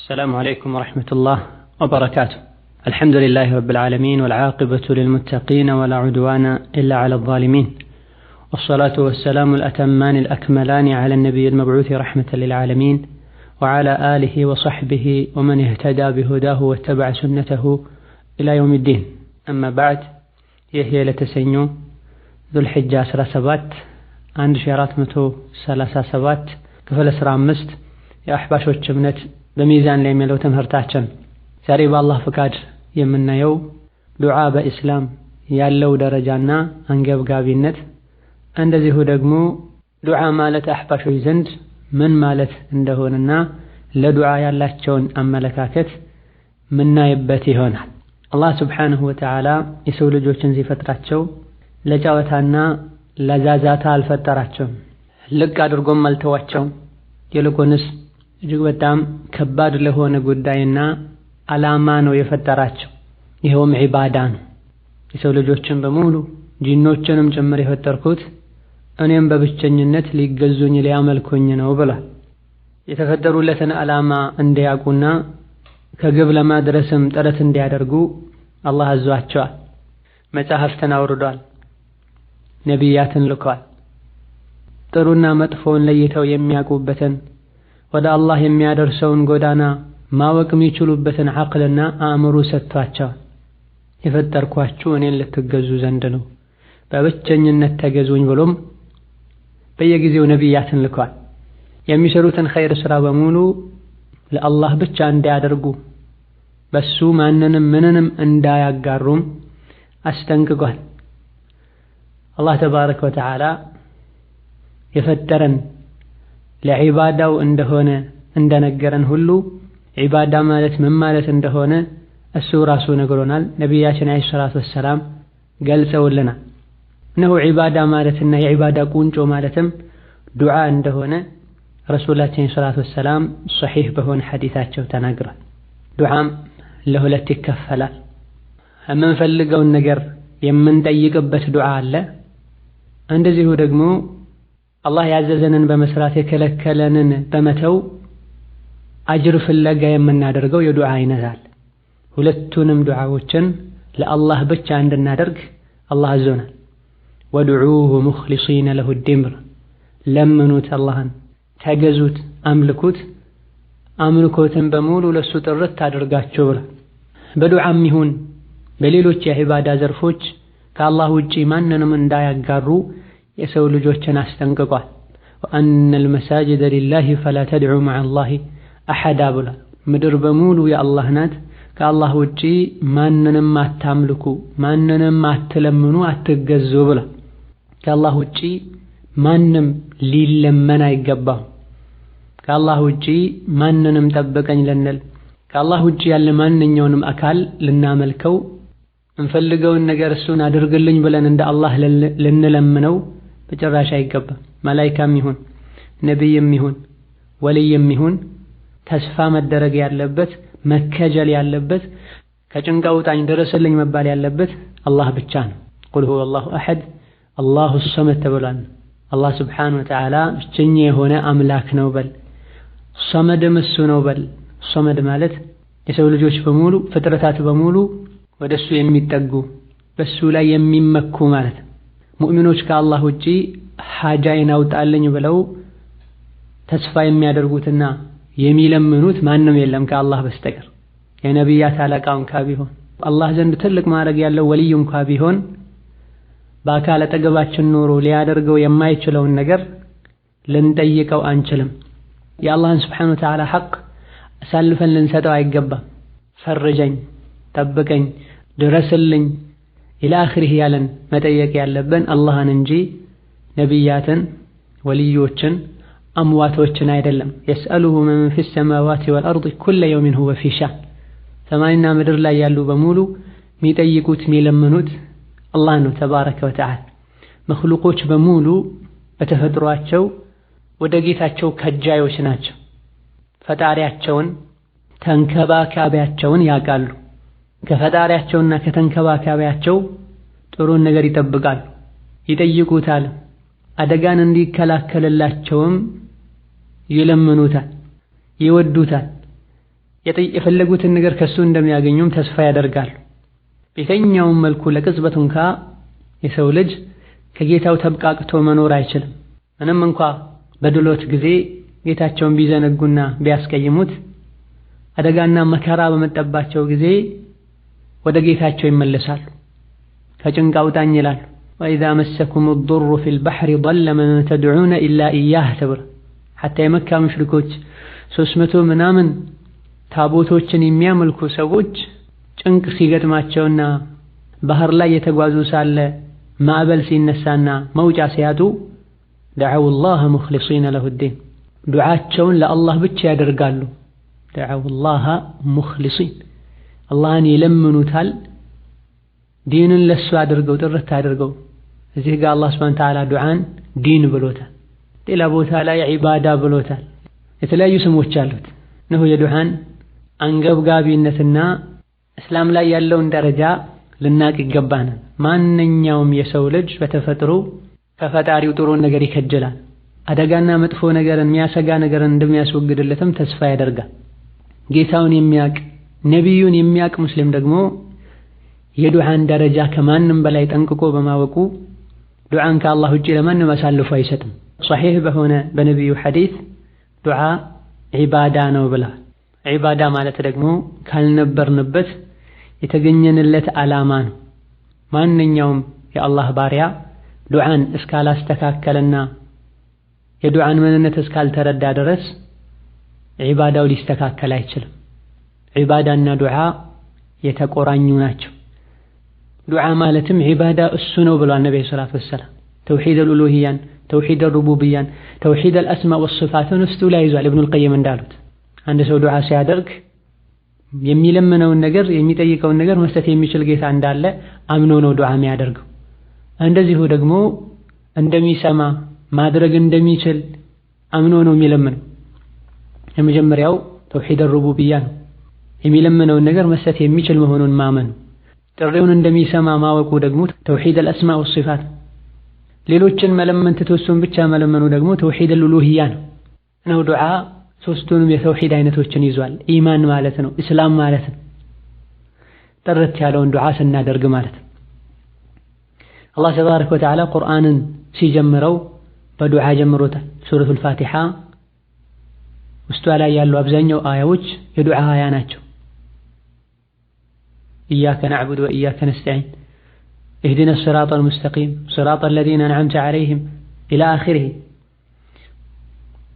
السلام عليكم ورحمة الله وبركاته. الحمد لله رب العالمين والعاقبة للمتقين ولا عدوان إلا على الظالمين. والصلاة والسلام الأتمان الأكملان على النبي المبعوث رحمة للعالمين وعلى آله وصحبه ومن اهتدى بهداه واتبع سنته إلى يوم الدين. أما بعد يهي لتسنيو ذو الحجة سلاسبات عند شيرات متو سلاسة سبات كفل سرام مست يا أحباش وتشمنت በሚዛን ላይ የሚለው ትምህርታችን ዛሬ በአላህ ፍቃድ የምናየው ዱዓ በኢስላም ያለው ደረጃና አንገብጋቢነት እንደዚሁ ደግሞ ዱዓ ማለት አሕባሾች ዘንድ ምን ማለት እንደሆነና ለዱዓ ያላቸውን አመለካከት ምናይበት ይሆናል። አላህ ስብሓንሁ ወተዓላ የሰው ልጆችን ሲፈጥራቸው ለጨዋታና ለዛዛታ አልፈጠራቸውም። ልቅ አድርጎም አልተዋቸውም። ይልቁንስ እጅግ በጣም ከባድ ለሆነ ጉዳይና ዓላማ ነው የፈጠራቸው። ይኸውም ዒባዳ ነው። የሰው ልጆችን በሙሉ ጂኖችንም ጭምር የፈጠርኩት እኔም በብቸኝነት ሊገዙኝ ሊያመልኩኝ ነው ብሏል። የተፈጠሩለትን ዓላማ እንዲያውቁና ከግብ ለማድረስም ጥረት እንዲያደርጉ አላህ አዟቸዋል። መጻሕፍትን አውርዷል። ነቢያትን ልከዋል። ጥሩና መጥፎውን ለይተው የሚያውቁበትን ወደ አላህ የሚያደርሰውን ጎዳና ማወቅ የሚችሉበትን ዐቅልና አእምሮ ሰጥቷቸዋል። የፈጠርኳችሁ እኔን ልትገዙ ዘንድ ነው፣ በብቸኝነት ተገዙኝ ብሎም በየጊዜው ነቢያትን ልኳል። የሚሰሩትን ኸይር ሥራ በሙሉ ለአላህ ብቻ እንዳያደርጉ በሱ ማንንም ምንንም እንዳያጋሩም አስጠንቅቋል። አላህ ተባረከ ወተዓላ የፈጠረን ለዒባዳው እንደሆነ እንደነገረን ሁሉ ዒባዳ ማለት ምን ማለት እንደሆነ እሱ ራሱ ነግሮናል። ነቢያችን ዓለይሂ ሰላቱ ወሰላም ገልጸውልናል። እነሆ ዒባዳ ማለትና የዒባዳ ቁንጮ ማለትም ዱዓ እንደሆነ ረሱላችን ዓለይሂ ሰላቱ ወሰላም ሰሒሕ በሆነ ሐዲታቸው ተናግሯል። ዱዓም ለሁለት ይከፈላል። የምንፈልገውን ነገር የምንጠይቅበት ዱዓ አለ። እንደዚሁ ደግሞ አላህ ያዘዘንን በመስራት የከለከለንን በመተው አጅር ፍለጋ የምናደርገው የዱዓ አይነት አለ። ሁለቱንም ዱዓዎችን ለአላህ ብቻ እንድናደርግ አላህ አዞናል። ወድዑሁ ሙኽሊሲነ ለሁ ዲምር፣ ለምኑት፣ አላህን ተገዙት፣ አምልኩት፣ አምልኮትን በሙሉ ለሱ ጥርት ታደርጋቸው ብሏል። በዱዓም ይሁን በሌሎች የዒባዳ ዘርፎች ከአላህ ውጪ ማንንም እንዳያጋሩ የሰው ልጆችን አስጠንቅቋል። ወአነል መሳጅደ ሊላሂ ፈላ ተድዑ መዐላሂ አሐዳ ብሏል። ምድር በሙሉ የአላህ ናት፣ ከአላህ ውጪ ማንንም አታምልኩ፣ ማንንም አትለምኑ፣ አትገዙ ብሏል። ከአላህ ውጪ ማንም ሊለመን አይገባም። ከአላህ ውጪ ማንንም ጠብቀኝ ልንል ከአላህ ውጪ ያለ ማንኛውንም አካል ልናመልከው እንፈልገውን ነገር እሱን አድርግልኝ ብለን እንደ አላህ ልንለምነው በጭራሽ አይገባም። መላይካም ይሁን ነቢይም ይሁን ወልይም ይሁን ተስፋ መደረግ ያለበት መከጀል ያለበት ከጭንቃ ውጣኝ ድረስልኝ መባል ያለበት አላህ ብቻ ነው። ቁል ሁወ አላሁ አሐድ አላሁ ሰመድ ተብሏል። አላህ ስብሓነሁ ወተዓላ ብቸኛ የሆነ አምላክ ነው በል፣ ሰመድም እሱ ነው በል። ሰመድ ማለት የሰው ልጆች በሙሉ ፍጥረታት በሙሉ ወደሱ የሚጠጉ በሱ ላይ የሚመኩ ማለት ነው። ሙእሚኖች ከአላህ ውጪ ሐጃይን አውጣልኝ ብለው ተስፋ የሚያደርጉትና የሚለምኑት ማንም የለም ከአላህ በስተቀር የነቢያት አለቃ እንኳ ቢሆን አላህ ዘንድ ትልቅ ማድረግ ያለው ወልይ እንኳ ቢሆን በአካል አጠገባችን ኖሮ ሊያደርገው የማይችለውን ነገር ልንጠይቀው አንችልም። የአላህን ስብሓነሁ ወተዓላ ሐቅ አሳልፈን ልንሰጠው አይገባም። ፈርጀኝ፣ ጠብቀኝ፣ ድረስልኝ ኢላ አኽሪህ ያለን መጠየቅ ያለብን አላህን እንጂ ነቢያትን፣ ወልዮችን፣ አምዋቶችን አይደለም። የስአሉሁ መን ፊ ሰማዋት ወልአርድ ኩለ የውሚን ሁወ ፊ ሻን፣ ሰማይና ምድር ላይ ያሉ በሙሉ የሚጠይቁት የሚለምኑት አላህን ነው ተባረከ ወተዓላ። መክሉቆች በሙሉ በተፈጥሯቸው ወደ ጌታቸው ከጃዮች ናቸው። ፈጣሪያቸውን ተንከባካቢያቸውን ያውቃሉ። ከፈጣሪያቸውና ከተንከባካቢያቸው ጥሩን ነገር ይጠብቃሉ ይጠይቁታል፣ አደጋን እንዲከላከልላቸውም ይለምኑታል፣ ይወዱታል። የፈለጉትን ነገር ከሱ እንደሚያገኙም ተስፋ ያደርጋሉ። በየትኛውም መልኩ ለቅጽበት እንኳ የሰው ልጅ ከጌታው ተብቃቅቶ መኖር አይችልም። ምንም እንኳ በድሎት ጊዜ ጌታቸውን ቢዘነጉና ቢያስቀይሙት አደጋና መከራ በመጠባቸው ጊዜ ወደ ጌታቸው ይመለሳሉ። ከጭንቅ አውጣኝ ይላሉ። ወኢዛ መሰኩም ዱሩ ፊል ባህሪ ضل من تدعون إلا إياه ተብሎ ሐታ የመካ ሙሽሪኮች ሶስት መቶ ምናምን ታቦቶችን የሚያመልኩ ሰዎች ጭንቅ ሲገጥማቸውና ባህር ላይ የተጓዙ ሳለ ማዕበል ሲነሳና መውጫ ሲያጡ ደዓው ላህ ሙኽሊሲነ ለሁዲን ዱዓቸውን ለአላህ ብቻ ያደርጋሉ። ደዓው ላህ ሙኽሊሲን አላህን ይለምኑታል። ዲንን ለሱ አድርገው ጥርት አድርገው እዚህ ጋር አላህ ሱብሓነሁ ወተዓላ ዱዓን ዲን ብሎታል። ሌላ ቦታ ላይ ዒባዳ ብሎታል። የተለያዩ ስሞች አሉት። እነሆ የዱዓን አንገብጋቢነትና እስላም ላይ ያለውን ደረጃ ልናቅ ይገባናል። ማንኛውም የሰው ልጅ በተፈጥሮ ከፈጣሪው ጥሩን ነገር ይከጀላል። አደጋና መጥፎ ነገርን የሚያሰጋ ነገርን እንደሚያስወግድለትም ተስፋ ያደርጋል። ጌታውን የሚያቅ ነቢዩን የሚያቅ ሙስሊም ደግሞ የዱዓን ደረጃ ከማንም በላይ ጠንቅቆ በማወቁ ዱዓን ከአላህ ውጪ ለማንም አሳልፎ አይሰጥም። ሶሒህ በሆነ በነቢዩ ሐዲስ ዱዓ ዒባዳ ነው ብላ ዒባዳ ማለት ደግሞ ካልነበርንበት የተገኘንለት ዓላማ ነው። ማንኛውም የአላህ ባሪያ ዱዓን እስካላስተካከለና የዱዓን ምንነት እስካልተረዳ ድረስ ዒባዳው ሊስተካከል አይችልም። ዒባዳና ዱዓ የተቆራኙ ናቸው። ዱዓ ማለትም ዒባዳ እሱ ነው ብሏል ነቢ ሰላት ወሰላም። ተውሒድ አልኡሉሂያን፣ ተውሒድ አልሩቡብያን፣ ተውሒድ አልአስማ ወስፋትን ውስጡ ላይ ይዟል። እብኑል ቀይም እንዳሉት አንድ ሰው ዱዓ ሲያደርግ የሚለምነውን ነገር የሚጠይቀውን ነገር መስጠት የሚችል ጌታ እንዳለ አምኖ ነው ዱዓ የሚያደርገው። እንደዚሁ ደግሞ እንደሚሰማ ማድረግ እንደሚችል አምኖ ነው የሚለምነው። የመጀመሪያው ተውሒድ አልሩቡብያ ነው። የሚለምነውን ነገር መስጠት የሚችል መሆኑን ማመኑ ጥሪውን እንደሚሰማ ማወቁ ደግሞ ተውሂድ አልአስማእ ወሲፋት። ሌሎችን መለመን ትቶ እሱን ብቻ መለመኑ ደግሞ ተውሂድ አልኡሉሂያ ነው። ነው ዱዓ ሶስቱንም የተውሂድ አይነቶችን ይዟል። ኢማን ማለት ነው፣ እስላም ማለት ነው፣ ጥርት ያለውን ዱዓ ስናደርግ ማለት ነው። አላህ ተባረከ ወተዓላ ቁርአንን ሲጀምረው በዱዓ ጀምሮታል። ሱረቱል ፋቲሓ ውስጧ ላይ ያሉ አብዛኛው አያዎች የዱዓ አያ ናቸው። إياك نعبد وإياك نستعين اهدنا الصراط المستقيم صراط الذين أنعمت عليهم إلى آخره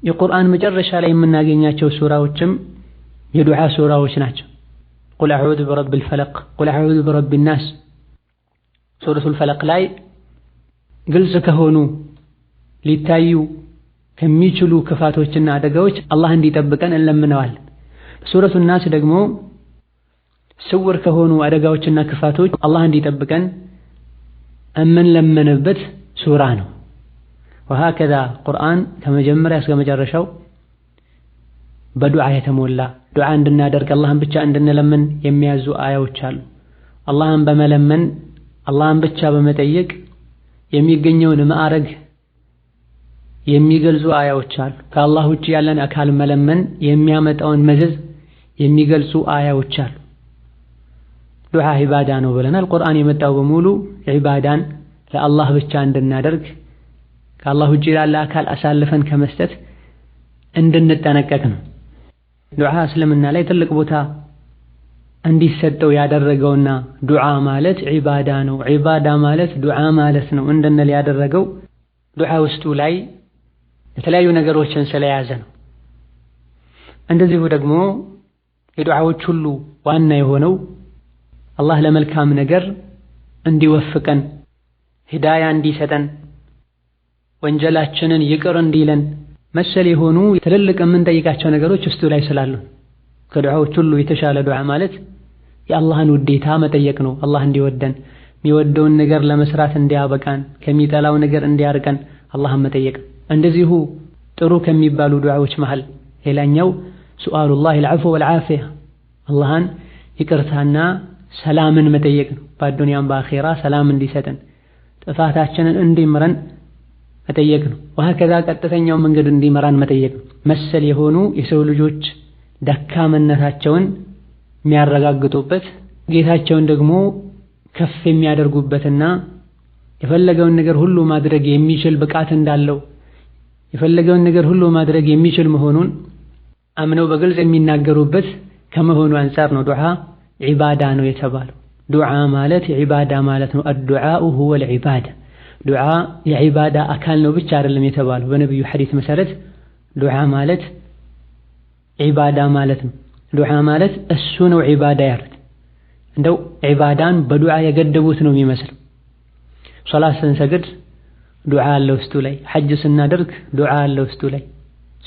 የቁርአን መጨረሻ ላይ የምናገኛቸው ሱራዎችም የዱዓ ሱራዎች ናቸው። ቁል አዑዙ ቢረቢል ፈለቅ፣ ቁል አዑዙ ቢረቢን ናስ። ሱረቱል ፈለቅ ላይ ግልጽ ከሆኑ ሊታዩ ከሚችሉ ክፋቶችና አደጋዎች አላህ እንዲጠብቀን እንለምነዋለን። በሱረቱ ናስ ደግሞ ስውር ከሆኑ አደጋዎችና ክፋቶች አላህ እንዲጠብቀን እምንለመንበት ሱራ ነው። ወሀከዛ ቁርአን ከመጀመሪያ እስከ መጨረሻው በዱዓ የተሞላ ዱዓ እንድናደርግ አላህን ብቻ እንድንለምን የሚያዙ አያዎች አሉ። አላህን በመለመን አላህን ብቻ በመጠየቅ የሚገኘውን ማዕረግ የሚገልጹ አያዎች አሉ። ከአላህ ውጭ ያለን አካል መለመን የሚያመጣውን መዘዝ የሚገልጹ አያዎች አሉ። ዱዓ ዒባዳ ነው ብለናል። ቁርአን የመጣው በሙሉ ዒባዳን ለአላህ ብቻ እንድናደርግ ከአላህ ውጭ ላለ አካል አሳልፈን ከመስጠት እንድንጠነቀቅ ነው። ዱዓ እስልምና ላይ ትልቅ ቦታ እንዲሰጠው ያደረገውና ዱዓ ማለት ዒባዳ ነው፣ ዒባዳ ማለት ዱዓ ማለት ነው እንድንል ያደረገው ዱዓ ውስጡ ላይ የተለያዩ ነገሮችን ስለያዘ ነው። እንደዚሁ ደግሞ የዱዓዎች ሁሉ ዋና የሆነው አላህ ለመልካም ነገር እንዲወፍቀን ሂዳያ እንዲሰጠን ወንጀላችንን ይቅር እንዲለን መሰል የሆኑ ትልልቅ የምንጠይቃቸው ነገሮች ውስጡ ላይ ስላሉ ከዱዓዎች ሁሉ የተሻለ ዱዓ ማለት የአላህን ውዴታ መጠየቅ ነው። አላህ እንዲወደን የሚወደውን ነገር ለመስራት እንዲያበቃን፣ ከሚጠላው ነገር እንዲያርቀን አላህን መጠየቅ። እንደዚሁ ጥሩ ከሚባሉ ዱዓዎች መሃል ሌላኛው ሱአሉላሂል ዐፍወ ወል ዓፊያ አላህን ይቅርታና ሰላምን መጠየቅ ነው። በአዱንያም በአኼራ ሰላም እንዲሰጥን ጥፋታችንን እንዲምረን መጠየቅ ነው። ከዛ ቀጥተኛው መንገድ እንዲመራን መጠየቅ ነው። መሰል የሆኑ የሰው ልጆች ደካመነታቸውን የሚያረጋግጡበት ጌታቸውን ደግሞ ከፍ የሚያደርጉበትና የፈለገውን ነገር ሁሉ ማድረግ የሚችል ብቃት እንዳለው የፈለገውን ነገር ሁሉ ማድረግ የሚችል መሆኑን አምነው በግልጽ የሚናገሩበት ከመሆኑ አንፃር ነው ዱዓ ዒባዳ ነው የተባለው። ዱዓ ማለት የዒባዳ ማለት ነው። አዱዓኡ ሁወል ዒባዳ ዱዓ የዒባዳ አካል ነው ብቻ አይደለም የተባለው። በነቢዩ ሐዲት መሰረት ዱዓ ማለት ዒባዳ ማለት ነው። ዱዓ ማለት እሱ ነው ዒባዳ ያሉት። እንደው ዒባዳን በዱዓ የገደቡት ነው የሚመስለው። ሶላት ስንሰግድ ዱዓ አለ ውስጡ ላይ፣ ሐጅ ስናደርግ ዱዓ አለ ውስጡ ላይ፣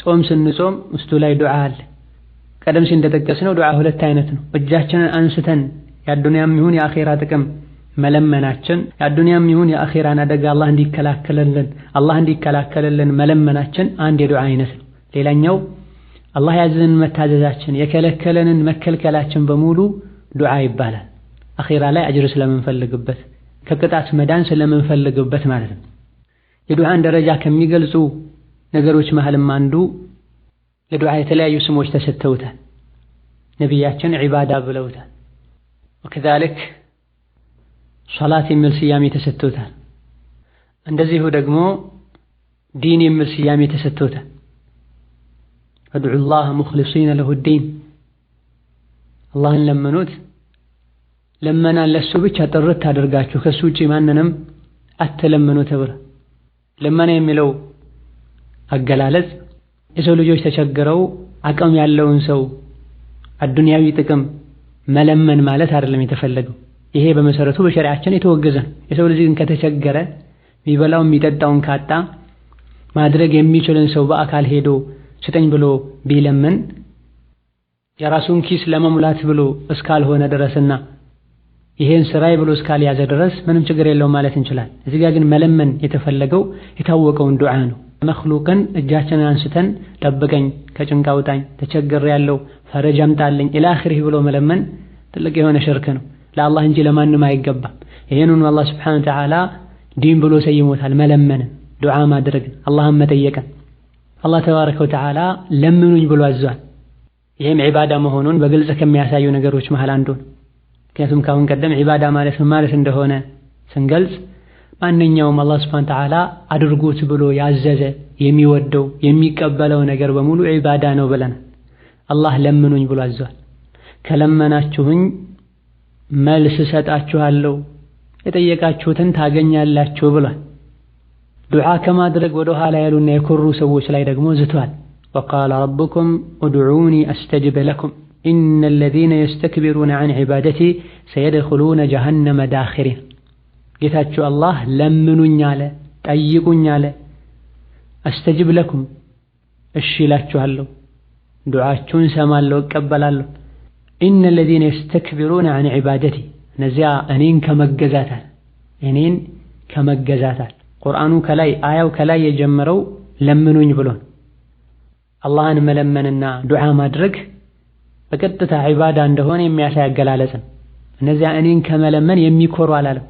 ጾም ስንጾም ውስጡ ላይ ዱዓ አለ። ቀደም ሲል እንደጠቀስነው ዱዓ ሁለት አይነት ነው። እጃችንን አንስተን የአዱንያም ይሁን የአኼራ ጥቅም መለመናችን የአዱንያም ይሁን የአኼራን አደጋ አላህ እንዲከላከልልን አላህ እንዲከላከልልን መለመናችን አንድ የዱዓ አይነት ነው። ሌላኛው አላህ ያዘንን መታዘዛችን የከለከለንን መከልከላችን በሙሉ ዱዓ ይባላል። አኼራ ላይ አጅር ስለምንፈልግበት ከቅጣት መዳን ስለምንፈልግበት ማለት ነው። የዱዓን ደረጃ ከሚገልጹ ነገሮች መሀልም አንዱ ለዱዓ የተለያዩ ስሞች ተሰጥተውታል። ነቢያችን ዒባዳ ብለውታል። ወከዛልክ ሶላት የሚል ስያሜ ተሰጥቶታል። እንደዚሁ ደግሞ ዲን የሚል ስያሜ ተሰጥቶታል። ፈድዑ ላህ ሙኽሊሲነ ለሁ ዲን፣ አላህን ለመኑት፣ ለመናን ለእሱ ብቻ ጥርት አድርጋችሁ ከእሱ ውጪ ማንንም አትለምኑ ተብሏል። ለመና የሚለው አገላለጽ የሰው ልጆች ተቸግረው አቅም ያለውን ሰው አዱንያዊ ጥቅም መለመን ማለት አይደለም የተፈለገው። ይሄ በመሰረቱ በሸሪዓችን የተወገዘ ነው። የሰው ልጅ ግን ከተቸገረ የሚበላው የሚጠጣውን ካጣ ማድረግ የሚችልን ሰው በአካል ሄዶ ስጠኝ ብሎ ቢለምን የራሱን ኪስ ለመሙላት ብሎ እስካልሆነ ድረስና ይሄን ስራይ ብሎ እስካልያዘ ድረስ ምንም ችግር የለውም ማለት እንችላል። እዚህ ጋር ግን መለመን የተፈለገው የታወቀውን ዱዓ ነው። መክሉቅን እጃችንን አንስተን ጠብቀኝ፣ ከጭንቅ አውጣኝ፣ ተቸግሬያለሁ፣ ፈረጅ አምጣልኝ ኢላ አኺሪህ ብሎ መለመን ትልቅ የሆነ ሽርክ ነው። ለአላህ እንጂ ለማንም አይገባም። ይህንኑ አላህ ስብሓነሁ ወተዓላ ዲን ብሎ ሰይሞታል። መለመንን፣ ዱዓ ማድረግን፣ አላህን መጠየቅን አላህ ተባረከ ወተዓላ ለምኑኝ ብሎ አዟል። ይህም ዒባዳ መሆኑን በግልጽ ከሚያሳዩ ነገሮች መሃል አንዱ ነው። ምክንያቱም ካሁን ቀደም ዒባዳ ማለት ምን ማለት እንደሆነ ስንገልጽ ማንኛውም አላህ ስብሐነ ወተዓላ አድርጉት ብሎ ያዘዘ የሚወደው የሚቀበለው ነገር በሙሉ ዒባዳ ነው ብለናል። አላህ ለምኑኝ ብሎ አዘዋል። ከለመናችሁኝ መልስ እሰጣችኋለሁ የጠየቃችሁትን ታገኛላችሁ ብሏል። ዱዓ ከማድረግ ወደ ኋላ ያሉና የኮሩ ሰዎች ላይ ደግሞ ዝቷል። ወቃለ ረብኩም ኡድዑኒ አስተጅብ ለኩም ኢነ አለዚነ የስተክቢሩነ አን ዒባደቲ ሰየድኹሉነ ጀሃነመ ዳኺሪን ጌታችሁ አላህ ለምኑኝ አለ፣ ጠይቁኝ አለ። አስተጅብ ለኩም እሺ እላችኋለሁ፣ ዱዓችሁን ሰማለሁ፣ እቀበላለሁ። ኢነ ለዚነ የስተክብሩነ አን ዒባደቲ እነዚያ እኔን ከመገዛታል እኔን ከመገዛታል ቁርአኑ ከላይ አያው ከላይ የጀመረው ለምኑኝ ብሎን አላህን መለመንና ዱዓ ማድረግ በቀጥታ ዒባዳ እንደሆነ የሚያሳይ አገላለጽ ነው። እነዚያ እኔን ከመለመን የሚኮሩ አላለም።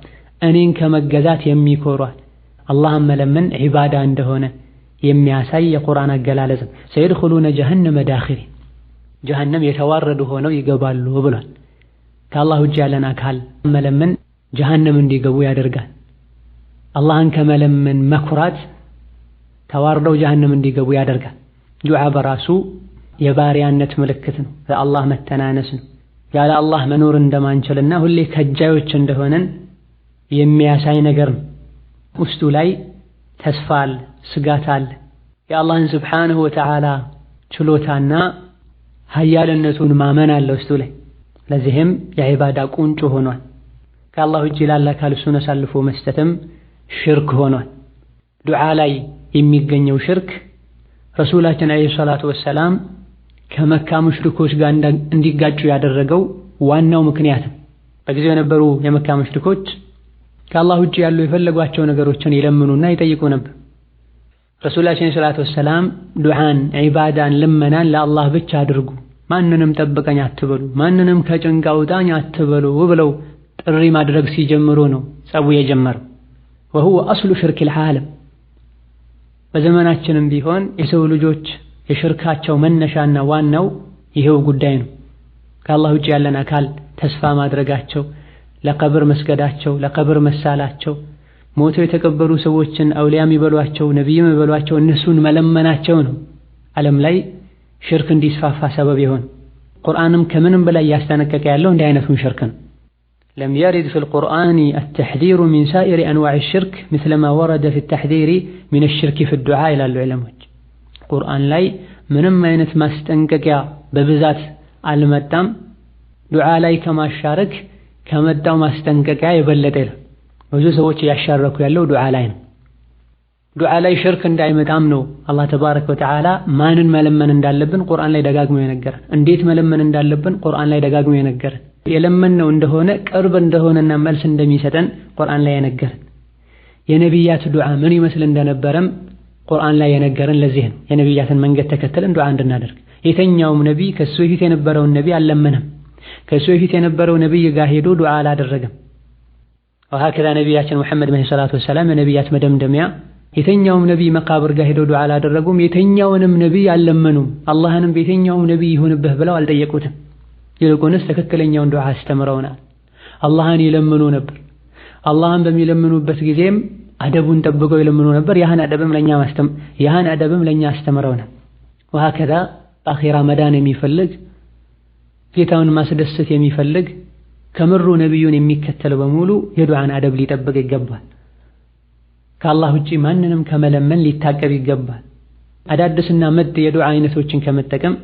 እኔን ከመገዛት የሚኮሯል አላህን መለመን ዒባዳ እንደሆነ የሚያሳይ የቁርአን አገላለጽ ነው። ሰየድኹሉነ ጀሀነመ ዳኺሪን ጀሀነም የተዋረዱ ሆነው ይገባሉ ብሏል። ከአላህ ውጭ ያለን አካል መለመን ጀሀነም እንዲገቡ ያደርጋል። አላህን ከመለመን መኩራት ተዋርደው ጀሀነም እንዲገቡ ያደርጋል። ዱዓ በራሱ የባሪያነት ምልክት ነው። ለአላህ መተናነስ ነው። ያለ አላህ መኖር እንደማንችልና ሁሌ ከጃዮች እንደሆነን የሚያሳይ ነገር ነው። ውስጡ ላይ ተስፋ አለ፣ ስጋት አለ። የአላህን ስብሓንሁ ወተዓላ ችሎታና ሀያልነቱን ማመን አለ ውስጡ ላይ። ለዚህም የዒባዳ ቁንጮ ሆኗል። ከአላህ ውጭ ላለ አካል እሱን አሳልፎ መስጠትም ሽርክ ሆኗል። ዱዓ ላይ የሚገኘው ሽርክ ረሱላችን ዓለይሂ ሰላቱ ወሰላም ከመካ ሙሽሪኮች ጋር እንዲጋጩ ያደረገው ዋናው ምክንያት በጊዜው የነበሩ የመካ ሙሽሪኮች ከአላህ ውጭ ያሉ የፈለጓቸው ነገሮችን ይለምኑና ይጠይቁ ነበር። ረሱላችን ሰላቱ ወሰላም ዱዓን፣ ዒባዳን፣ ልመናን ለአላህ ብቻ አድርጉ፣ ማንንም ጠብቀኝ አትበሉ፣ ማንንም ከጭንቅ አውጣኝ አትበሉ ብለው ጥሪ ማድረግ ሲጀምሩ ነው ጸቡ የጀመረው። ወሁወ አስሉ ሽርክ ዓለም። በዘመናችንም ቢሆን የሰው ልጆች የሽርካቸው መነሻና ዋናው ይሄው ጉዳይ ነው። ከአላህ ውጭ ያለን አካል ተስፋ ማድረጋቸው ለቀብር መስገዳቸው፣ ለቀብር መሳላቸው፣ ሞተው የተቀበሩ ሰዎችን አውሊያም ይበሏቸው፣ ነቢይም ይበሏቸው እነሱን መለመናቸው ነው ዓለም ላይ ሽርክ እንዲስፋፋ ሰበብ የሆነ ቁርአንም ከምንም በላይ እያስጠነቀቀ ያለው እንዲህ አይነቱን ሽርክ ነው። ለም የሪድ ፊል ቁርአኒ አተሕዚሩ ሚን ሳኢሪ አንዋዕ ሽርክ ምስለማ ወረደ ፊ ተሕዚሪ ሚን ሽርክ ፊ ዱዓ ይላሉ ዕለሞች። ቁርአን ላይ ምንም አይነት ማስጠንቀቂያ በብዛት አልመጣም ዱዓ ላይ ከማሻረክ ከመጣው ማስጠንቀቂያ የበለጠ ነው። ብዙ ሰዎች እያሻረኩ ያለው ዱዓ ላይ ነው። ዱዓ ላይ ሽርክ እንዳይመጣም ነው አላህ ተባረከ ወተዓላ ማንን መለመን እንዳለብን ቁርአን ላይ ደጋግሞ የነገረን፣ እንዴት መለመን እንዳለብን ቁርአን ላይ ደጋግሞ የነገረን፣ የለመንነው እንደሆነ ቅርብ እንደሆነና መልስ እንደሚሰጠን ቁርአን ላይ የነገረን፣ የነቢያት ዱዓ ምን ይመስል እንደነበረም ቁርአን ላይ የነገረን። ለዚህ ነው የነቢያትን መንገድ ተከትለን ዱዓ እንድናደርግ። የተኛውም ነቢይ ከሱ በፊት የነበረውን ነቢይ አልለመነም። ከሱ በፊት የነበረው ነብይ ጋር ሄዶ ዱዓ አላደረገም። ወሀከዛ ነቢያችን ሙሐመድ ዓለይሂ ሰላቱ ወሰላም የነቢያት መደምደሚያ የተኛውም ነቢይ መቃብር ጋር ሄዶ ዱዓ አላደረጉም። የተኛውንም ነቢይ አልለመኑም። አላህንም በየተኛውም ነቢይ ይሁንብህ ብለው አልጠየቁትም። ይልቁንስ ትክክለኛውን ዱዓ አስተምረውናል። አላህን ይለምኑ ነበር። አላህን በሚለምኑበት ጊዜም አደቡን ጠብቀው ይለምኑ ነበር። ያህን አደብም ለኛ ማስተም ያህን አደብም ለኛ አስተምረውናል። ወሀከዛ በአኺራ መዳን የሚፈልግ ጌታውን ማስደሰት የሚፈልግ ከምሩ ነቢዩን የሚከተል በሙሉ የዱዓን አደብ ሊጠብቅ ይገባል። ከአላህ ውጪ ማንንም ከመለመን ሊታቀብ ይገባል። አዳዲስና መድ የዱዓ አይነቶችን ከመጠቀም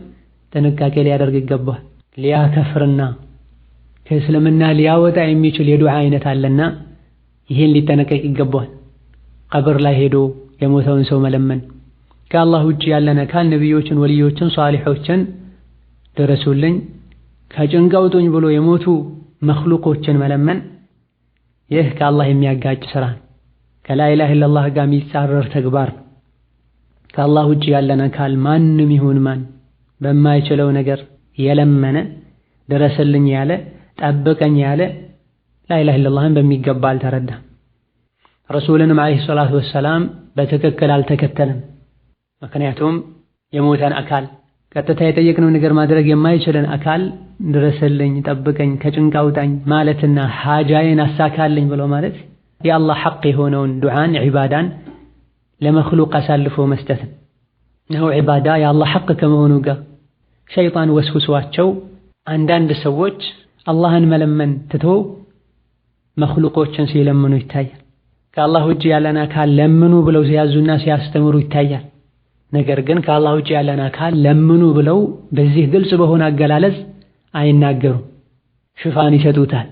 ጥንቃቄ ሊያደርግ ይገባል። ሊያከፍርና ከእስልምና ሊያወጣ የሚችል የዱዓ አይነት አለና ይህን ሊጠነቀቅ ይገባል። ቀብር ላይ ሄዶ የሞተውን ሰው መለመን፣ ከአላህ ውጪ ያለን አካል ነቢዮችን፣ ወልዮችን፣ ሷሊሖችን ድረሱልኝ ከጭንቅ አውጡኝ ብሎ የሞቱ መክሉቆችን መለመን ይህ ከአላህ የሚያጋጭ ስራ ከላኢላህ ኢለላህ ጋር የሚጻረር ተግባር ከአላህ ውጭ ያለን አካል ማንም ይሁን ማን በማይችለው ነገር የለመነ ድረስልኝ ያለ ጠብቀኝ ያለ ላኢላህ ኢለላህን በሚገባ አልተረዳም። ረሱልንም ዓለይሂ ሰላቱ ወሰላም በትክክል አልተከተለም። ምክንያቱም የሞተን አካል ቀጥታ የጠየቅነው ነገር ማድረግ የማይችልን አካል ድረስልኝ፣ ጠብቀኝ፣ ከጭንቅ አውጣኝ ማለትና ሐጃዬን አሳካልኝ ብሎ ማለት የአላህ ሐቅ የሆነውን ዱዓን ዒባዳን ለመኽሉቅ አሳልፎ መስጠት ነው። ዒባዳ የአላህ ሐቅ ከመሆኑ ጋር ሸይጣን ወስውሷቸው አንዳንድ ሰዎች አላህን መለመን ትቶ መኽሉቆችን ሲለምኑ ይታያል። ከአላህ ውጭ ያለን አካል ለምኑ ብለው ሲያዙና ሲያስተምሩ ይታያል። ነገር ግን ከአላህ ውጭ ያለን አካል ለምኑ ብለው በዚህ ግልጽ በሆነ አገላለጽ አይናገሩም። ሽፋን ይሰጡታል።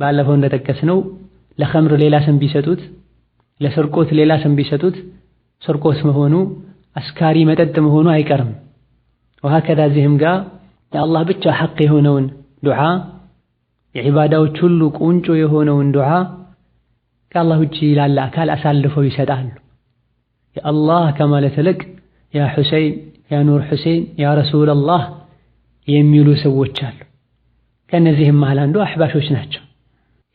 ባለፈው እንደጠቀስነው ለኸምር ሌላ ስም ቢሰጡት፣ ለስርቆት ሌላ ስም ቢሰጡት ስርቆት መሆኑ አስካሪ መጠጥ መሆኑ አይቀርም። ውሃ እዚህም ጋር የአላህ ብቻ ሐቅ የሆነውን ዱዓ የዒባዳዎች ሁሉ ቁንጮ የሆነውን ዱዓ ከአላህ ውጭ ላለ አካል አሳልፈው ይሰጣሉ። የአላህ ከማለት ይልቅ ያ ሑሰይን፣ ያ ኑር ሑሴን፣ ያ ረሱለላህ የሚሉ ሰዎች አሉ። ከእነዚህም መሃል አንዱ አሕባሾች ናቸው።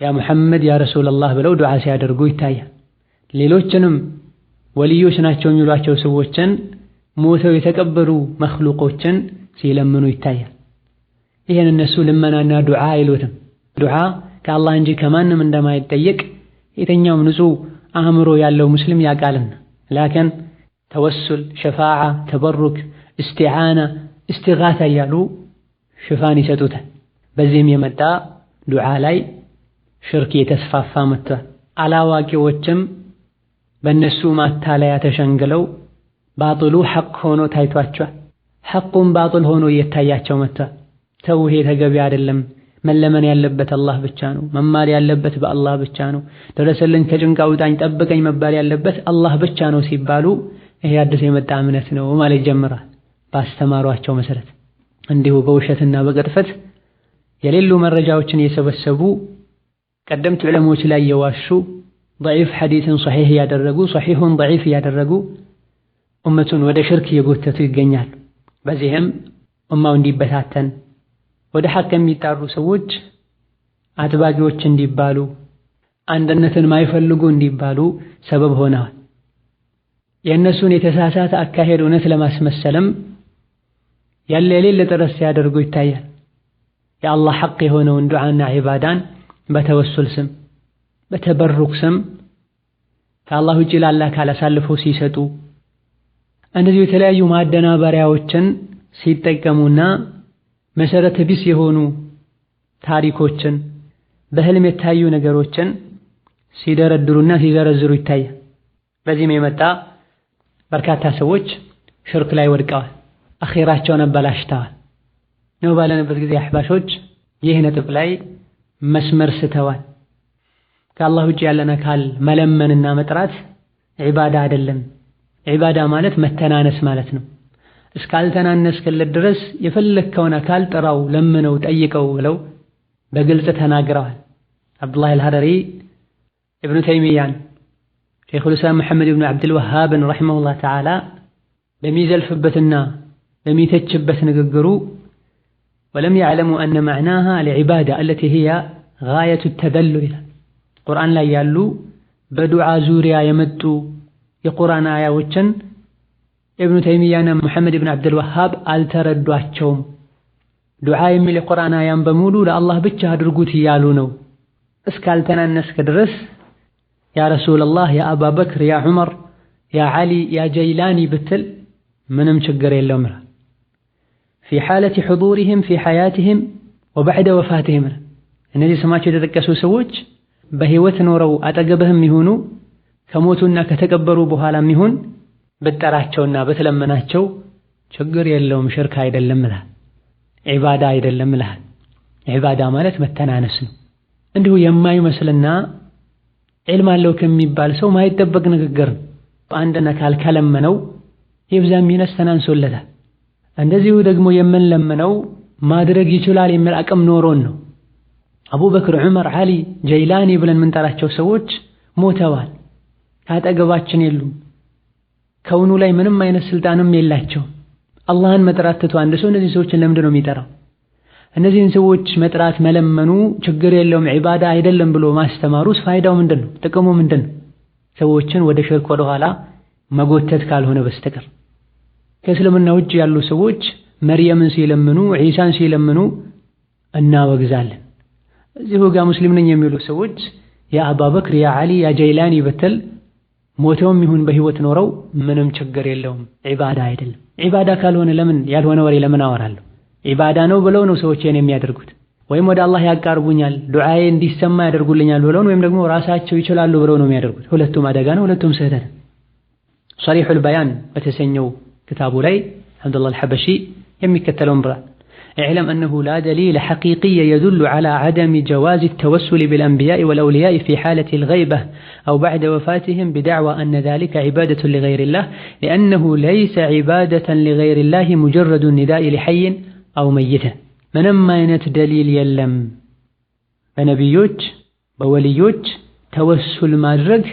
ያ ሙሐመድ፣ ያ ረሱለላህ ብለው ዱዓ ሲያደርጉ ይታያል። ሌሎችንም ወልዮች ናቸው የሚሏቸው ሰዎችን ሞተው የተቀበሩ መኽሉቆችን ሲለምኑ ይታያል። ይህን እነሱ ልመናና ዱዓ አይሉትም። ዱዓ ከአላህ እንጂ ከማንም እንደማይጠየቅ የትኛውም ንጹሕ አእምሮ ያለው ሙስሊም ያውቃልና ላከን ተወሱል፣ ሸፋዓ፣ ተበሩክ፣ እስቲዓና፣ እስቲጋታ እያሉ ሽፋን ይሰጡታል። በዚህም የመጣ ዱዓ ላይ ሽርክ የተስፋፋ መጥቷል። አላዋቂዎችም በእነሱ ማታለያ ተሸንግለው ባጥሉ ሐቅ ሆኖ ታይቷቸዋል። ሐቁም ባጥል ሆኖ እየታያቸው መጥቷል። ተውሄ ይሄ ተገቢ አይደለም። መለመን ያለበት አላህ ብቻ ነው። መማል ያለበት በአላህ ብቻ ነው። ደረሰልን፣ ከጭንቃ ውጣኝ ጠብቀኝ መባል ያለበት አላህ ብቻ ነው ሲባሉ ይሄ አዲስ የመጣ እምነት ነው ማለት ጀምራል። ባስተማሯቸው መሰረት እንዲሁ በውሸትና በቅጥፈት የሌሉ መረጃዎችን እየሰበሰቡ ቀደምት ዕለሞች ላይ የዋሹ ضعيف ሐዲትን صحيح እያደረጉ ሰሒሁን ضعيف እያደረጉ ኡመቱን ወደ ሽርክ እየጎተቱ ይገኛሉ። በዚህም ኡማው እንዲበታተን ወደ ሐቅ የሚጣሩ ሰዎች አጥባቂዎች እንዲባሉ አንድነትን ማይፈልጉ እንዲባሉ ሰበብ ሆነዋል። የእነሱን የተሳሳተ አካሄድ እውነት ለማስመሰልም ያለ የሌለ ጥረት ሲያደርጉ ይታያል። የአላህ ሐቅ የሆነውን ዱዓና ዒባዳን በተወሱል ስም በተበሩክ ስም ከአላህ ውጭ ላለ አካል አሳልፎ ሲሰጡ እንደዚሁ የተለያዩ ማደናበሪያዎችን ሲጠቀሙና መሰረተ ቢስ የሆኑ ታሪኮችን በህልም የታዩ ነገሮችን ሲደረድሩና ሲዘረዝሩ ይታያል። በዚህም የመጣ በርካታ ሰዎች ሽርክ ላይ ወድቀዋል፣ አኼራቸውን አበላሽተዋል ነው ባለንበት ጊዜ አህባሾች ይህ ነጥብ ላይ መስመር ስተዋል። ከአላህ ውጭ ያለን አካል መለመንና መጥራት ዒባዳ አይደለም። ዒባዳ ማለት መተናነስ ማለት ነው። እስካልተናነስክለት ድረስ የፈለግከውን አካል ጥራው፣ ለምነው፣ ጠይቀው ብለው በግልጽ ተናግረዋል። አብዱላህ አልሐደሪ ኢብኑ ተይሚያን شيخ الإسلام محمد بن عبد الوهاب رحمه الله تعالى لم يزل بثنا لم يتشبث نققرو ولم يعلموا أن معناها لعبادة التي هي غاية التذلل القران لا يالو بدعاء زوريا آية يمتو يقرآن آيا وشن ابن تيمية انا محمد بن عبد الوهاب ألتر الدعاء الشوم دعاء من القرآن آيان بمولو لأ الله بيتشهد رقوتي يالونو اسكالتنا الناس كدرس ያ ረሱላላህ፣ ያ አባበክር፣ ያ ዑመር፣ ያ ዓሊ፣ ያ ጀይላኒ ብትል ምንም ችግር የለውም ይላል። ፊ ሓለቲ ሕዱሪህም ፊ ሐያትህም ወበዕደ ወፋትህም። እነዚህ ስማቸው የተጠቀሱ ሰዎች በህይወት ኖረው አጠገብህም ይሁኑ ከሞቱና ከተቀበሩ በኋላ ይሁን ብትጠራቸውና ብትለመናቸው ችግር የለውም። ሽርክ አይደለም ይልሃል። ዒባዳ አይደለም ይልሃል። ዒባዳ ማለት መተናነስ ነው። እንዲሁ የማይመስልና ዕልም አለው ከሚባል ሰው ማይጠበቅ ንግግር አንድን አካል ከለመነው ይብዛም ይነስ ተናንሶለታል። እንደዚሁ ደግሞ የምንለምነው ማድረግ ይችላል የሚል አቅም ኖሮን ነው። አቡበክር፣ ዑመር፣ ዓሊ፣ ጀይላኒ ብለን የምንጠራቸው ሰዎች ሞተዋል። ካጠገባችን የሉም። ከውኑ ላይ ምንም አይነት ስልጣንም የላቸውም። አላህን መጥራት ትቶ አንድ ሰው እነዚህ ሰዎችን ለምንድን ነው የሚጠራው? እነዚህን ሰዎች መጥራት መለመኑ ችግር የለውም ዒባዳ አይደለም ብሎ ማስተማሩስ ፋይዳው ምንድን ነው? ጥቅሙ ምንድን ነው? ሰዎችን ወደ ሽርክ ወደ ኋላ መጎተት ካልሆነ በስተቀር ከእስልምና ውጭ ያሉ ሰዎች መርየምን ሲለምኑ፣ ዒሳን ሲለምኑ እናወግዛለን። እዚሁ ጋር ሙስሊም ነኝ የሚሉ ሰዎች የአባበክር የዓሊ የጀይላኒ ይበተል ሞተውም ይሁን በህይወት ኖረው ምንም ችግር የለውም ዒባዳ አይደለም። ዒባዳ ካልሆነ ለምን ያልሆነ ወሬ ለምን አወራለሁ? عبادة نو بلو نو سوتش يعني ميا درجوت الله يعكر بنيال دعاء دي سما درجول لنيال بلو نو يمدكم وراسات شوي شلا لو بلو نو ميا هلا توم هذا جان هلا توم سهدر صريح البيان بتسنيو كتابه لي الحمد لله الحبشي يمي كتلون برا اعلم أنه لا دليل حقيقي يدل على عدم جواز التوسل بالأنبياء والأولياء في حالة الغيبة أو بعد وفاتهم بدعوى أن ذلك عبادة لغير الله لأنه ليس عبادة لغير الله مجرد النداء لحي አው መይትን ምንም አይነት ደሊል የለም በነቢዮች በወልዮች ተወሱል ማድረግ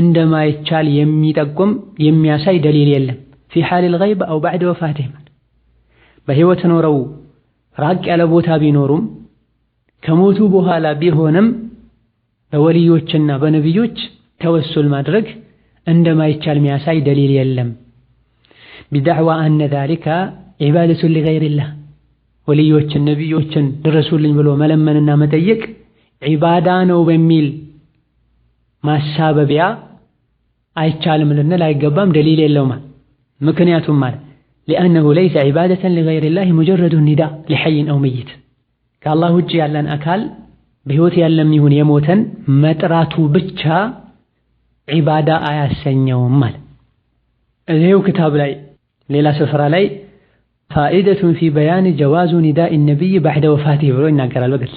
እንደማይቻል የሚጠቁም የሚያሳይ ደሊል የለም። ፊ ሓሊል ገይብ አው ባዕድ ወፋትህ በሕይወት ኖረው ራቅ ያለ ቦታ ቢኖሩም ከሞቱ በኋላ ቢሆንም በወልዮችና በነቢዮች ተወሱል ማድረግ እንደማይቻል የሚያሳይ ደሊል የለም። ቢዳዕዋ አነ ዛሊከ ዒባደቱን ሊገይሪላህ ወልዮችን ነቢዮችን ድረሱልኝ ብሎ መለመንና መጠየቅ ዒባዳ ነው በሚል ማሳበቢያ አይቻልም ልንል አይገባም። ደሊል የለውም። ምክንያቱም ማለት ሊአነሁ ለይሰ ዒባደተን ሊገይሪላሂ ሙጀረዱ ኒዳ ሊሐይን አው መይት ከአላህ ውጭ ያለን አካል በሕይወት ያለም ይሁን የሞተን መጥራቱ ብቻ ዒባዳ አያሰኘውም። ማለት እዚሁ ክታብ ላይ ሌላ ስፍራ ላይ ፋኢደቱን ፊ በያን ጀዋዙ ኒዳኢ ነቢይ ባዕደ ወፋቲህ ብሎ ይናገራል። በግልጽ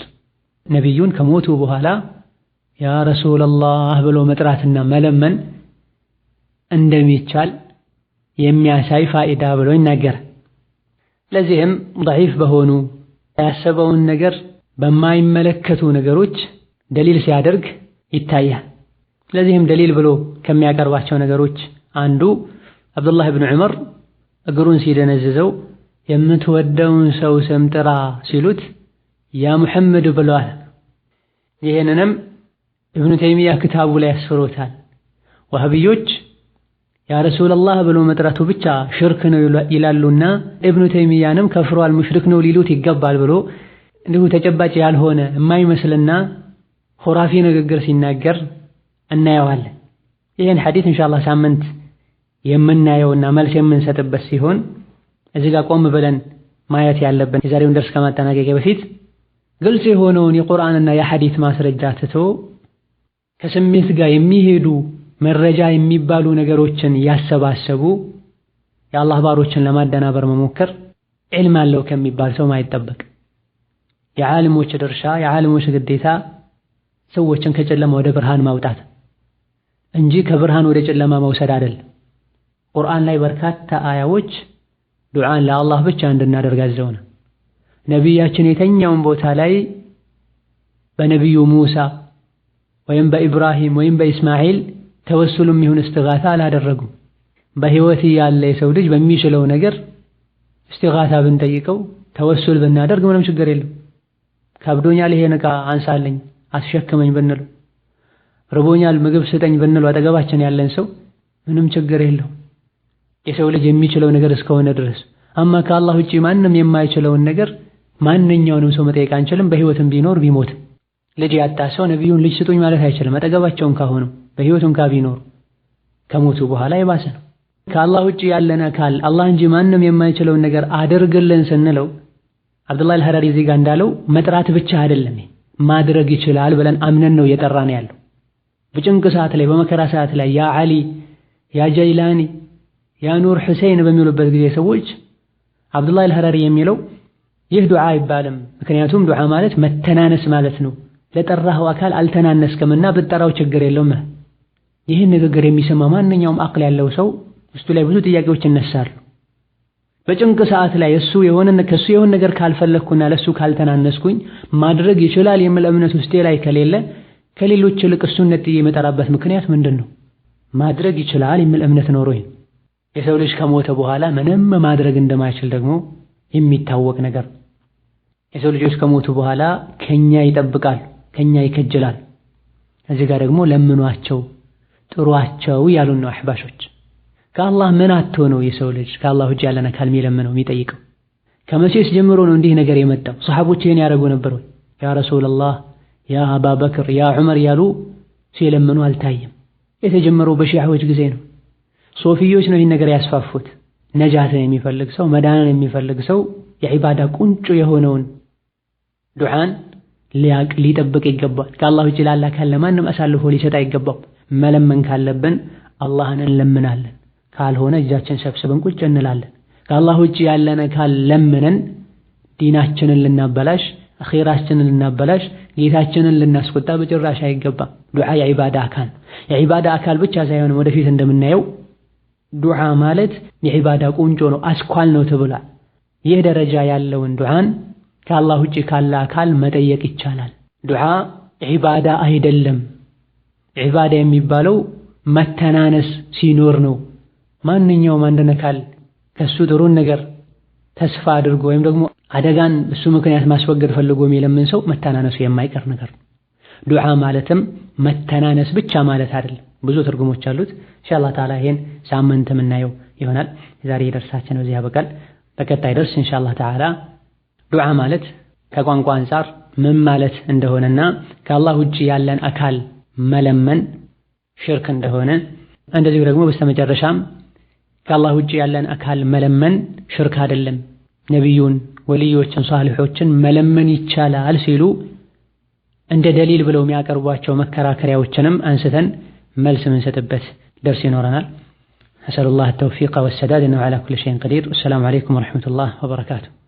ነቢዩን ከሞቱ በኋላ ያ ረሱለላህ ብሎ መጥራትና መለመን እንደሚቻል የሚያሳይ ፋኢዳ ብሎ ይናገር ለዚህም ደዒፍ በሆኑ ያሰበውን ነገር በማይመለከቱ ነገሮች ደሊል ሲያደርግ ይታያል። ለዚህም ደሊል ብሎ ከሚያቀርባቸው ነገሮች አንዱ አብዱላህ ብን ዑመር እግሩን ሲደነዝዘው የምትወደውን ሰው ስም ጥራ ሲሉት ያ ሙሐመድ ብሏል። ይህንንም እብኑ ተይሚያ ክታቡ ላይ ያስፍሮታል። ወሃብዮች ያ ረሱለላህ ብሎ መጥራቱ ብቻ ሽርክ ነው ይላሉና እብኑ ተይሚያንም ከፍሯል፣ ሙሽሪክ ነው ሊሉት ይገባል ብሎ እንዲሁ ተጨባጭ ያልሆነ የማይመስልና ሆራፊ ንግግር ሲናገር እናየዋለን። ይህን ሐዲስ ኢንሻአላህ ሳምንት የምናየውና መልስ የምንሰጥበት ሲሆን እዚህ ጋር ቆም ብለን ማየት ያለብን የዛሬውን ደርስ ከማጠናቀቂያ በፊት ግልጽ የሆነውን የቁርአንና የሐዲት ማስረጃ ትቶ ከስሜት ጋር የሚሄዱ መረጃ የሚባሉ ነገሮችን ያሰባሰቡ የአላህ ባሮችን ለማደናበር መሞከር ዒልም አለው ከሚባል ሰው ማይጠበቅ የዓልሞች ድርሻ የዓልሞች ግዴታ ሰዎችን ከጨለማ ወደ ብርሃን ማውጣት እንጂ ከብርሃን ወደ ጨለማ መውሰድ አይደለም። ቁርአን ላይ በርካታ አያዎች ዱዓን ለአላህ ብቻ እንድናደርግ አዘውነ። ነቢያችን የተኛውን ቦታ ላይ በነቢዩ ሙሳ ወይም በኢብራሂም ወይም በኢስማኤል ተወሱልም ይሁን እስትጋታ አላደረጉም። በሕይወት ያለ የሰው ልጅ በሚችለው ነገር እስትጋታ ብንጠይቀው ተወሱል ብናደርግ ምንም ችግር የለም። ከብዶኛል፣ ይሄን ዕቃ አንሳለኝ፣ አስሸክመኝ ብንል ርቦኛል፣ ምግብ ስጠኝ ብንሉ አጠገባችን ያለን ሰው ምንም ችግር የለው። የሰው ልጅ የሚችለው ነገር እስከሆነ ድረስ አማ ከአላህ ውጪ ማንም የማይችለውን ነገር ማንኛውንም ሰው መጠየቅ አንችልም። በህይወትም ቢኖር ቢሞት ልጅ ያጣ ሰው ነቢዩን ልጅ ስጡኝ ማለት አይችልም። አጠገባቸውን ካሆኑ በህይወት እንኳ ከሞቱ በኋላ የባሰ ነው። ከአላህ ውጪ ያለን አካል አላህ እንጂ ማንም የማይችለውን ነገር አድርግልን ስንለው አብዱላህ አልሐራሪ እዚህ ጋር እንዳለው መጥራት ብቻ አይደለም ማድረግ ይችላል ብለን አምነን ነው እየጠራ ነው ያለው። በጭንቅ ሰዓት ላይ በመከራ ሰዓት ላይ ያ ዓሊ ያ ጀይላኒ ያኑር ሁሴን በሚሉበት ጊዜ ሰዎች አብዱላህ አልሀራሪ የሚለው ይህ ዱዓ አይባልም። ምክንያቱም ዱዓ ማለት መተናነስ ማለት ነው። ለጠራኸው አካል አልተናነስክምና ብጠራው ችግር የለውም። ይህን ንግግር የሚሰማ ማንኛውም አቅል ያለው ሰው ውስጡ ላይ ብዙ ጥያቄዎች ይነሳሉ። በጭንቅ ሰዓት ላይ እሱ የሆነ ከሱ የሆነ ነገር ካልፈለግኩና ለሱ ካልተናነስኩኝ ማድረግ ይችላል የሚል እምነት ውስጤ ላይ ከሌለ ከሌሎች ይልቅ እሱን ነጥዬ የመጠራበት ምክንያት ምንድን ነው? ማድረግ ይችላል የሚል እምነት ኖሮኝ የሰው ልጅ ከሞተ በኋላ ምንም ማድረግ እንደማይችል ደግሞ የሚታወቅ ነገር። የሰው ልጆች ከሞቱ በኋላ ከኛ ይጠብቃል፣ ከኛ ይከጀላል። እዚህ ጋር ደግሞ ለምኗቸው፣ ጥሯቸው ያሉን ነው አህባሾች ከአላህ ምን አቶ ነው የሰው ልጅ ከአላህ ውጭ ያለን አካል የሚለምነው የሚጠይቀው? ከመቼስ ጀምሮ ነው እንዲህ ነገር የመጣው? ሰሓቦች ይህን ያደርጉ ነበር ወይ? ያ ረሱላላህ፣ ያ አባበክር፣ ያ ዑመር ያሉ ሲለምኑ አልታየም። የተጀመረው በሺዓዎች ጊዜ ነው። ሶፊዮች ነው ይህን ነገር ያስፋፉት። ነጃትን የሚፈልግ ሰው መዳንን የሚፈልግ ሰው የዒባዳ ቁንጮ የሆነውን ዱዓን ሊያቅ ሊጠብቅ ይገባል። ከአላህ ውጭ ላለ አካል ለማንም አሳልፎ ሊሰጥ አይገባም። መለመን ካለብን አላህን እንለምናለን፣ ካልሆነ እጃችን ሰብስበን ቁጭ እንላለን። ከአላህ ውጭ ያለን አካል ለምነን ዲናችንን ልናበላሽ፣ አኼራችንን ልናበላሽ፣ ጌታችንን ልናስቆጣ በጭራሽ አይገባም። ዱዓ የዒባዳ አካል የዒባዳ አካል ብቻ ሳይሆን ወደፊት እንደምናየው ዱዓ ማለት የዒባዳ ቁንጮ ነው፣ አስኳል ነው ተብሏል። ይህ ደረጃ ያለውን ዱዓን ከአላህ ውጭ ካለ አካል መጠየቅ ይቻላል። ዱዓ ዒባዳ አይደለም። ዒባዳ የሚባለው መተናነስ ሲኖር ነው። ማንኛውም አንድ አካል ከሱ ጥሩን ነገር ተስፋ አድርጎ ወይም ደግሞ አደጋን እሱ ምክንያት ማስወገድ ፈልጎ የሚለምን ሰው መተናነሱ የማይቀር ነገር ነው። ዱዓ ማለትም መተናነስ ብቻ ማለት አይደለም። ብዙ ትርጉሞች አሉት። ኢንሻአላህ ተዓላ ይሄን ሳምንት የምናየው ይሆናል። የዛሬ ደርሳችን በዚህ ያበቃል። በቀጣይ ደርስ ኢንሻአላህ ተዓላ ዱዓ ማለት ከቋንቋ አንፃር ምን ማለት እንደሆነና ከአላህ ውጪ ያለን አካል መለመን ሽርክ እንደሆነ እንደዚሁ ደግሞ በስተመጨረሻም ከአላህ ውጪ ያለን አካል መለመን ሽርክ አይደለም፣ ነቢዩን፣ ወልዮችን፣ ሷሊሖችን መለመን ይቻላል ሲሉ እንደ ደሊል ብለው የሚያቀርቧቸው መከራከሪያዎችንም አንስተን ملس من የምንሰጥበት درس نورنا أسأل الله التوفيق والسداد إنه على كل شيء قدير والسلام عليكم ورحمة الله وبركاته